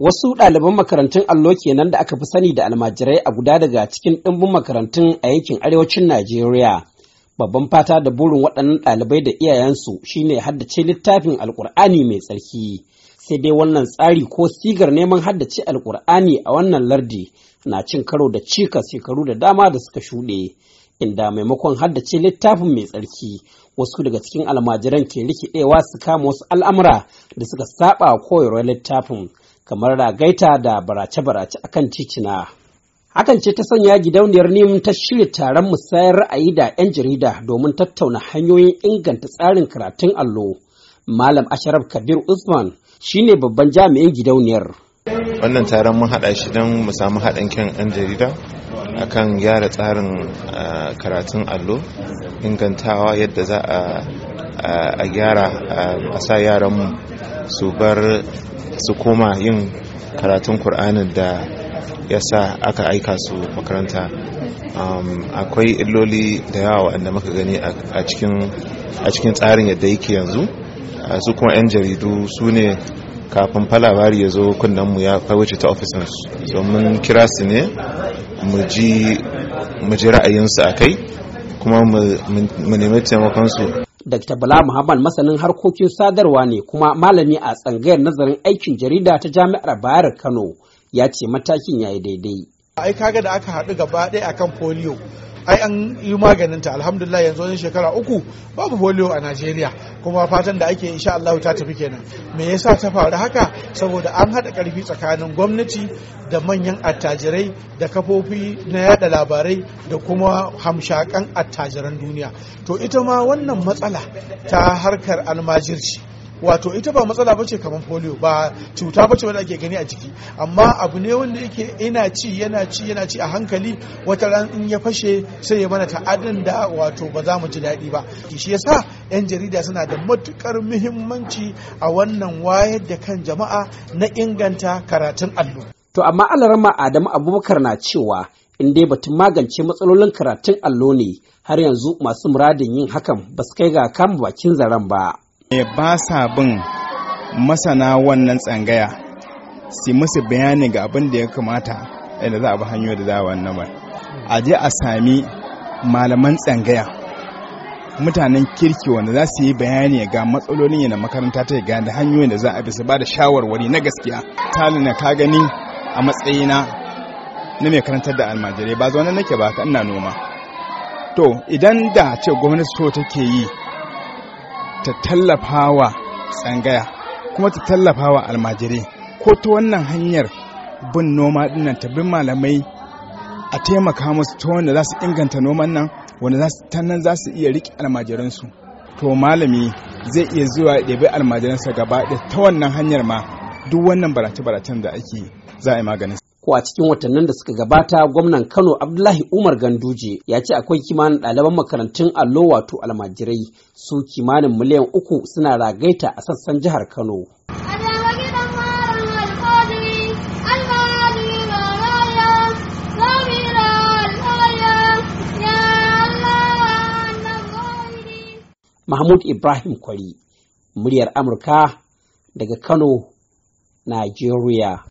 Wasu ɗaliban makarantun allo kenan da aka fi sani da almajirai a guda daga cikin ɗimbin makarantun a yankin arewacin Najeriya. Babban fata da burin waɗannan ɗalibai da iyayensu shine haddace littafin Alƙur'ani mai tsarki. Sai dai wannan tsari ko sigar neman haddace Alƙur'ani a wannan lardi na cin karo da cika shekaru da dama da suka shuɗe. Inda maimakon haddace littafin mai tsarki wasu daga cikin almajiran ke rikidewa su kama wasu al'amura da suka saba koyarwar littafin. kamar ragaita da barace-barace akan titina. Hakan ce ta sanya gidauniyar NIM ta shirya taron musayar ra'ayi da 'yan jarida domin tattauna hanyoyin inganta tsarin karatun allo. Malam Asharaf Kabir Usman shi ne babban jami'in gidauniyar. Wannan taron mun haɗa shi don mu samu haɗin kyan 'yan jarida kan gyara tsarin karatun allo ingantawa yadda za a gyara a sa yaranmu su bar su koma yin karatun kur'anin da ya sa aka aika su makaranta um, akwai illoli da yawa waɗanda muka gani a cikin tsarin yadda yake yanzu uh, su kuma 'yan jaridu su ne kafin falabari ya zo mu ya wuce ta ofisinsu so mun kira su ne mu ji ra'ayinsu a kai kuma mu nemi taimakonsu Dr. Bala Muhammad masanin harkokin sadarwa ne kuma malami a tsangayar nazarin aikin jarida ta Jami'ar Bayar Kano ya ce matakin ya yi daidai. Ai kaga da aka haɗu gaba ɗaya akan polio ai an yi maganinta alhamdulillah yanzu wani shekara uku babu polio a najeriya kuma fatan da ake insha allahu ta tafi kenan me yasa ta faru haka saboda an haɗa ƙarfi tsakanin gwamnati da manyan attajirai da kafofi na yada labarai da kuma hamshakan attajiran duniya to ita ma wannan matsala ta harkar almajirci wato ita ba matsala ba ce kamar polio ba cuta ba ce wanda ake gani a jiki amma abu ne wanda yake ina ci yana ci yana ci a hankali wata ran in ya fashe sai ya mana ta'adin da wato ba za mu ji daɗi ba shi yasa yan jarida suna da matukar muhimmanci a wannan wayar da kan jama'a na inganta karatun allo to amma alarama adamu abubakar na cewa in dai batun magance matsalolin karatun allo ne har yanzu masu muradin yin hakan ba su kai ga kama bakin zaren ba Eh, ba sa bin masana wannan tsangaya su musu bayani ga abin da ya kamata da za a bi hanyoyi da za a wannan ba a je a sami malaman tsangaya mutanen kirki wanda za su yi bayani ga matsalolin yana makaranta ta ga da hanyoyin da za a bi su ba da shawarwari na gaskiya talina ka gani a matsayina na mai karantar da almajirai ba zaune nake ba ka ina noma to idan da ce gwamnati so take yi ta tallafa wa tsangaya kuma ta tallafa wa almajirai ko ta wannan hanyar bin noma dinnan ta bin malamai a taimaka musu ta wanda za su inganta noman nan wanda za su tannan za su iya riƙe almajiransu to malami zai iya zuwa ya ɗabi almajiransa gaba da ta wannan hanyar ma duk wannan barace-baracen da ake za a yi maganin ko a cikin watannin da suka gabata gwamnan kano abdullahi umar ganduje ya ce akwai kimanin ɗaliban makarantun allo wato almajirai su kimanin miliyan uku suna ragaita a sassan jihar kano Mahmud Ibrahim Kwari, muryar Amurka daga Kano, Najeriya.